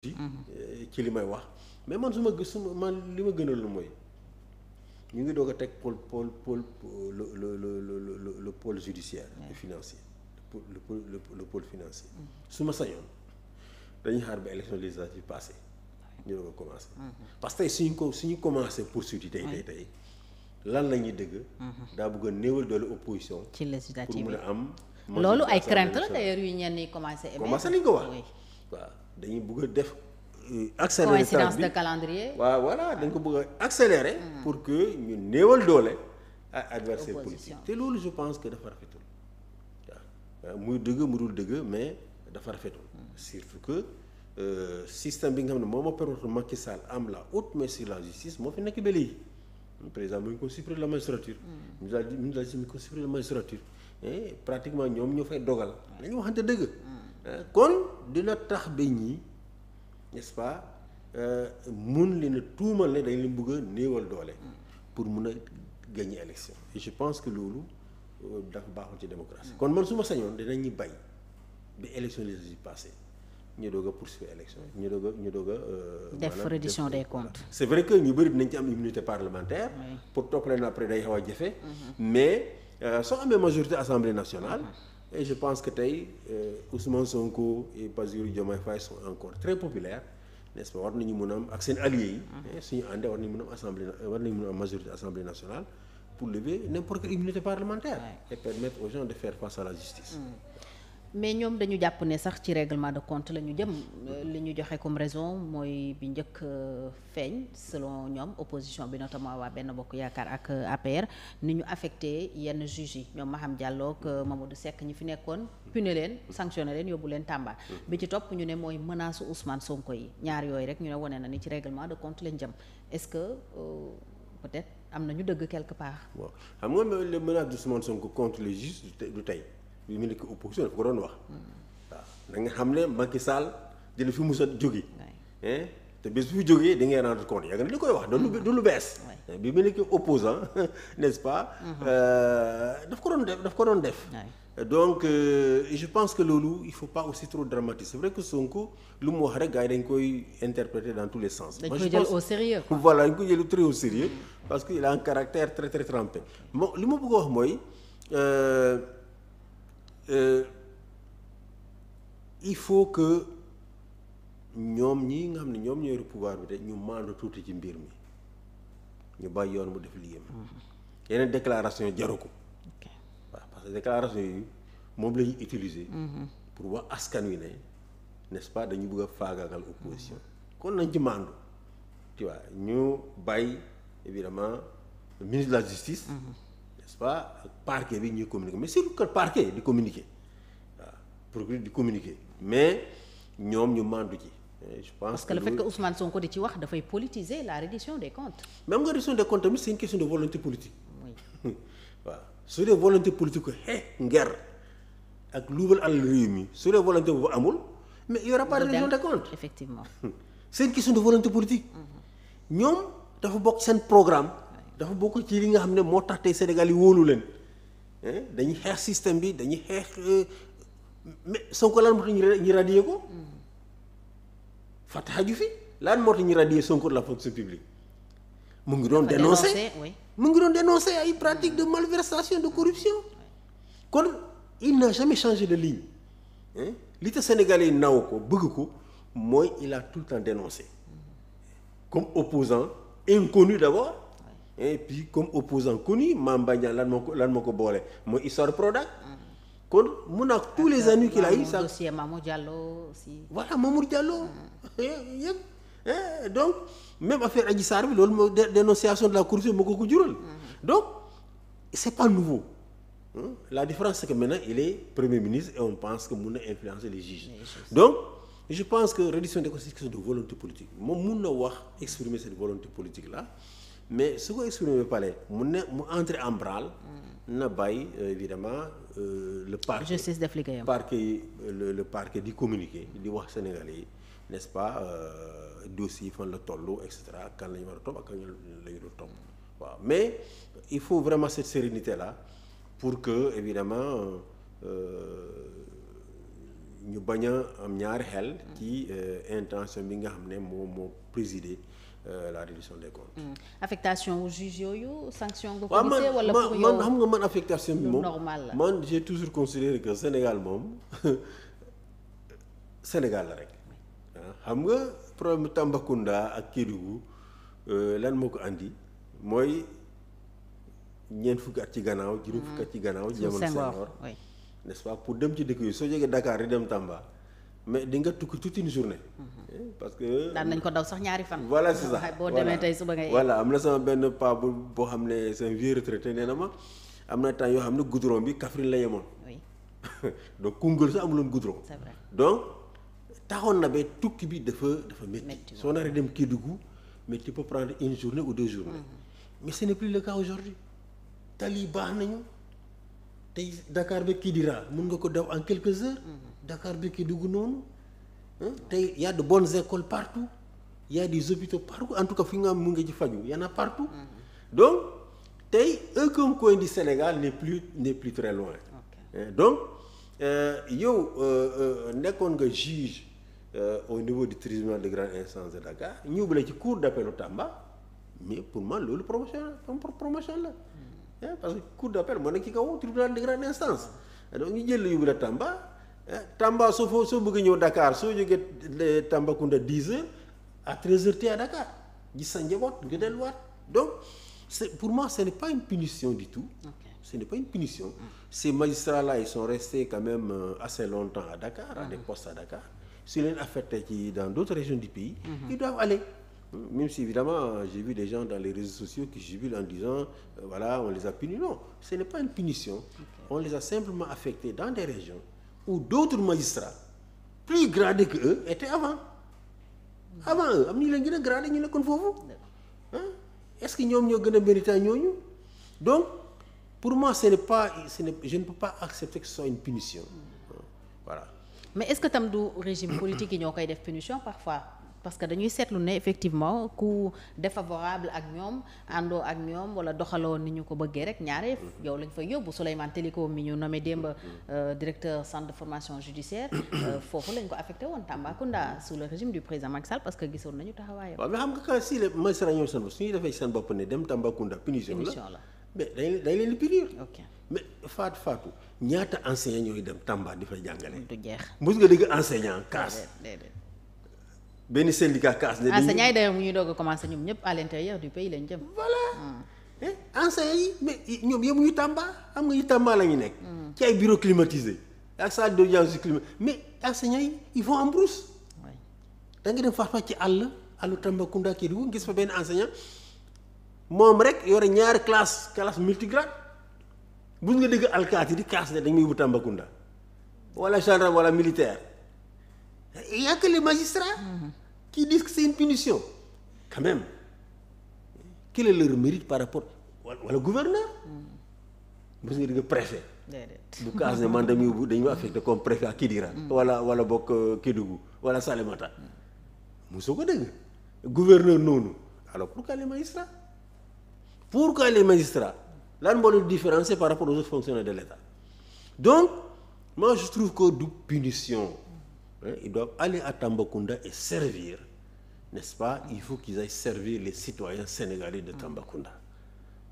Mhm. Euh, ci li may wax mais man su ma gis man li ma a lu mooy ñu ngi doog a teg pôle pôle pôle le le le le le pôle judiciaire mhm. et financier le pôle le pôle financier. su ma sañoon dañuy xaar ba élection législative passée ñu doog a commencé. Mhm. parce que tey suñu ko suñu commencé poursuite yi tey tey tey lan la ñuy dëgg. daa bëgg a néewal doole opposition. ci législative pour mun a am. loolu ay crainte la d'ailleurs yu ñenn yi commencé. émerger commencé nañ ko wax dañuy bëgg a def. Euh, accélérer bi de calendrier. waaw voilà dañ ko bëgg a pour que ñu néewal doole. ak adversaire politique te loolu je pense que dafa rafetul. waaw muy dëgg mu dul dëgg mais dafa rafetul. surtout que euh, système bi nga xam ne moo ma permettre Macky Sall am la haute main sur la justice moo fi nekk ba léegi. président mu ngi ko supprimer la magistrature. mu daal di mu daal di ko supprimer la magistrature. Eh, pratiquement ñoom ñoo fay dogal. nañu waxante dëgg. Mm. kon dina tax ba ñi n'est-ce pas euh, mun leen a tuumal ne dañ leen bugg a néewal doole pour mun a gagner élection et je pense que loolu euh, dafa baaxul ci démocratie kon man su ma sañoon dinañu bay ba élection législative passée ñu doog a poursuivre élection ñu doog ñu doog a. Euh, def reddition des comptes. c' est vrai que ñu bëri dinañ ci am immunité parlementaire. pour topp leen après day xaw a jafe. Mm-hmm. mais soo amee majorité assemblée nationale. Mm-hmm. je pense que tey euh, Ousmane Sonko et Bassirou Diomaye Faye sont encore très populaires n'est-ce pas war nañu mën a am ak seen alliés yi. Mhm. Eh, suñu àndee war nañu mën a am assemblée war nañu mën am majorité assemblée nationale pour lever n'importe quelle immunité parlementaire. et permettre aux gens de faire face à la justice. Mm. mais ñoom dañu jàpp ne sax ci réglement de compte la ñu jëm li ñu joxe comme raison mooy bi njëkk euh, feeñ selon ñoom opposition bi notamment waa benn bokk yaakaar ak euh, APR ni ñu affecte yenn juges yi ñoom Maham Diallo ak euh, Mamadou Seck ñu fi nekkoon pune leen sanctionné leen yóbbu leen Tamba bi ci topp ñu ne mooy menace Ousmane Sonko yi ñaar yooyu rek ñu ne wane na ni ci règlement de compte lañ jëm est-ce que peut-être am na ñu dëgg quelque part. bon xam nga le menace d'Ousmane Sonko contre bi mu nekk opposition dafa ko doon wax. waaw na nga xam ne Macky Sall jël fi musa jóge te bés bu fi jógee da ngay rendre compte yàgg na li koy wax. du lu bees. bi mu nekk opposant n'est-ce pas. Mm-hmm. Euh, daf ko doon def daf ko doon def. donc euh, je pense que loolu il faut pas aussi trop dramatiser c'est vrai que Sonko lu mu wax rek gars dañ koy interpréter dans tous les sens. dañ koy jël au sérieux quoi voilà dañ koy jël au sérieux mm-hmm. parce que il a caractère très très trempé bon li ma bëgg a wax mooy. Euh, Euh, il faut que ñoom ñii nga xam ne ñoom ñooy pouvoir bi de ñu maandu tuuti ci mbir mi ñu bàyyi yoon mu def liggéeyam. Mm-hmm. yeneen déclaration jaru ko. waaw parce que déclaration yi moom la ñuy utiliser. Mm-hmm. pour wax askan wi ne nest pas dañu bëgg a faagaagal opposition. kon nañ ci maandu. tu ñu bàyyi évidemment le ministre la justice. Mm-hmm. n'est-ce pas ak parquet bi ñuy communiquer mais surtout que parquet di communiquer waaw procureur di communiquer mais ñoom ñu mandu ci. je pense parce que le fait que Ousmane Sonko di ci wax dafay politiser la reddition des comptes. même nga reddition des comptes tamit c'est une question de volonté politique. su dee volonté politique ak luubal alal mi su dee volonté boobu amul. mais il y aura effectivement. c'est une question de volonté politique. Mm-hmm. ñoom dafa bokk seen programme. dafa bokk ci li nga xam ne moo tax tey Sénégal yi wóolu leen eh, dañuy xeex système bi dañuy xeex euh, mais Sonko lan moo tax ñu radier ko fàtte xaju fi lan moo tax ñu radier Sonko de la fonction publique mu ngi doon dénoncer mu ngi doon dénoncer ay pratiques de malversation de corruption kon il n'a jamais changé de lii eh, li te Sénégalais yi naw ko bëgg ko mooy il a tout le temps dénoncé comme opposant inconnu d'abord et puis comme opposant connu Mame Mbaye Niang lan moo ko lan moo ko boole mooy histoire Prodac. kon mun naa tous les années qu'il a eu ça dossier Mamour Diallo aussi. voilà Mamour Diallo. Eh, yëpp eh, donc même affaire Adji Sarr bi loolu mooy dénonciation de la corruption moo ko ko jural. donc c'est pas nouveau. la différence c'est que maintenant il est premier ministre et on pense que mun na influencer les juges. donc je pense que réduction des conséquences de volonté politique moom mun na wax exprimer cette politique là. mais su ko exprimer palais mu ne mu entre en branle. na bàyyi évidemment euh, le parquet justice def liggéeyam parquet le, le di communiquer di wax Sénégalais yi n'est-ce pas euh, dossier yi fan la tollu et cetera kan la war a topp ak kan la ñu topp waaw mais il faut vraiment cette sérénité là pour que évidemment euh, ñu bañ a am ñaari xel. ci euh, intention bi nga xam ne moo moo présider. Euh, la réduction des comptes. Hmm. affectation wu juge yooyu sanction nga ko gisee wala pour man xam nga man affectation bi moom normal la man j'ai toujours considéré que Sénégal moom Sénégal la rek ah, xam nga problème Tambacounda ak Kédougou euh, lan moo ko andi mooy ñeent fukki at ci gannaaw juróom fukki at ci gannaaw hmm. jamono Senghor nest pour dem ci dëkk yi soo jógee dakaar di dem Tamba mais di nga tukki toute une journée. Eh, parce que daan nañ ko daw sax ñaari fan. voilà c'est ça boo tey suba ngay voilà am na sama benn paa bu boo xam ne c'est un vieux retraité nee na ma am na temps yoo xam ne goudron bi Kaffrine la yemoon. oui donc Koungheul sax amuloon goudron. c'est vrai donc taxoon na ba tukki bi dafa dafa métti. soo naree dem Kédougou mais tu peux prendre une journée ou deux journées. Mm-hmm. mais ce n'est plus le cas aujourd'hui tali baax nañu. tey Dakar ba Kidira mën nga ko daw en quelques heures. Mhm. Dakar kii dugg noonu. tey y a de bonnes écoles partout y a partout en tout cas fi nga am mën nga ci faju y en a partout. Mhm. donc tey aucun coin du Sénégal n'est plus n'est plus très loin. Okay. donc euh, yow euh, euh, nekkoon nga juge au niveau du tribunal de grande instance de Dakar ñu la ci cour d'appelu Tamba mais pour moi loolu promotion la promotion la. parce que cour d'appel moo nekk ci kaw tribunal de grande instance donc ñu jël yóbbu la Tamba Tamba soo foo soo bëgg ñëw dakaar soo jógee Tambacounda 10 heures à 13 heures tey à Dakar gis sa njaboot nga delluwaat donc c'est pour moi ce n'est pas une punition du tout okay. ce n'est pas une punition ces magistrats là ils sont restés quand même euh, assez longtemps à Dakar à des mhm. postes à Dakar su leen affecté ci dans d'autres régions du pays mhm. ils doivent Même si évidemment, j'ai vu des gens dans les réseaux sociaux qui jubilent en disant, euh, voilà, on les a punis. Non, ce n'est pas une punition. Okay. On les a simplement affectés dans des régions où d'autres magistrats, plus gradés que eux, étaient avant. Avant eux, am ni la leen gën a gradé ñu nekkoon foofu. Est-ce que ñoom ñoo gën a méritant ñooñu donc pour moi ce n'est pas ce n'est, je ne peux pas accepter que ce soit une punition hmm. voilà. mais est-ce que tam du régime politique yi ñoo koy def punition parfois. parce que dañuy seetlu ne effectivement ku défavorable ak ñoom àndoo ak ñoom wala doxaloo ni ñu ko bëggee rek ñaare mhm. yow lañ fa yóbbu Souleymane Téliko mi ñu nommé démb mhm. euh, directeur centre de formation judiciaire euh, mhm. foofu lañ ko affecté woon Tambacounda sous le régime du président Macky Sall parce que gisoon nañu taxawaaye waaw mais xam nga quand si le magistrat ñoom seen bopp su ñuy defee seen bopp ne dem Tambacounda punition la mais dañ dañ leen di punir. ok mais dem Tamba di fay jàngale. du jeex mos nga dégg enseignant kaas. benn syndicat CAS. ne enseignants yi d'ailleurs mu ñuy doog a commencé ñoom ñëpp à l'intérieur du pays lañ jëm. voilà ah. eh yi mais ñoom yemuñu Tamba am nga ñu Tamba la ñu nekk. Hmm. ci ay bureau climatisé ak salle d'audience climat mais enseignants yi ils vont en brousse. da nga dem farfa ci àll àllu Tambacounda Kédougou gis fa benn enseignant moom rek yore ñaari classe classe multigrade buñ nga dégg alkaati di kaas ne dañ may yóbbu Tambacounda wala gendarme wala militaire. Il n'y a que les magistrats mmh. qui disent que c'est une punition. Quand même, mérite par rapport wala gouverneur mos nga dégg préfet bu kaas ne man dañu dañu affecté comme préfet à Kidira hmm. wala wala bokk euh, Kédougou wala Salémata soo ko dégg gouverneur noonu alors pourquoi les magistrats pourquoi les magistrats lan moo leen différencier par rapport aux autres fonctionnaires de l'État donc moi je trouve que du punition Hein, ils doivent aller à Tambacounda et servir, n'est-ce pas Il faut qu'ils aillent servir les citoyens sénégalais de Tambacounda.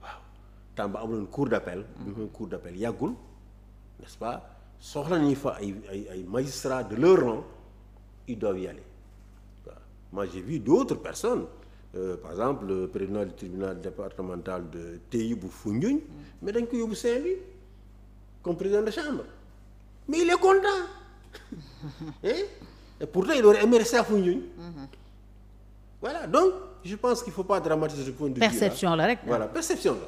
waaw Tamba amuloon cour d'appel. bi mm. mu cour d'appel yàggul n'est-ce pas soxla nañu fa ay ay ay magistrats de leur rang ils doivent y aller waaw moi j'ai vu d'autres personnes euh, par exemple le président du tribunal départemental de TI bu Foundiougne. Mm. mais dañ ko yóbbu Saint-Louis comme président de chambre mais il est content. et, eh? et pourtant il aurait aimé rester à Foundiougne. Mm-hmm. voilà donc je pense qu'il faut pas dramatiser du point de vue perception la rek voilà perception la.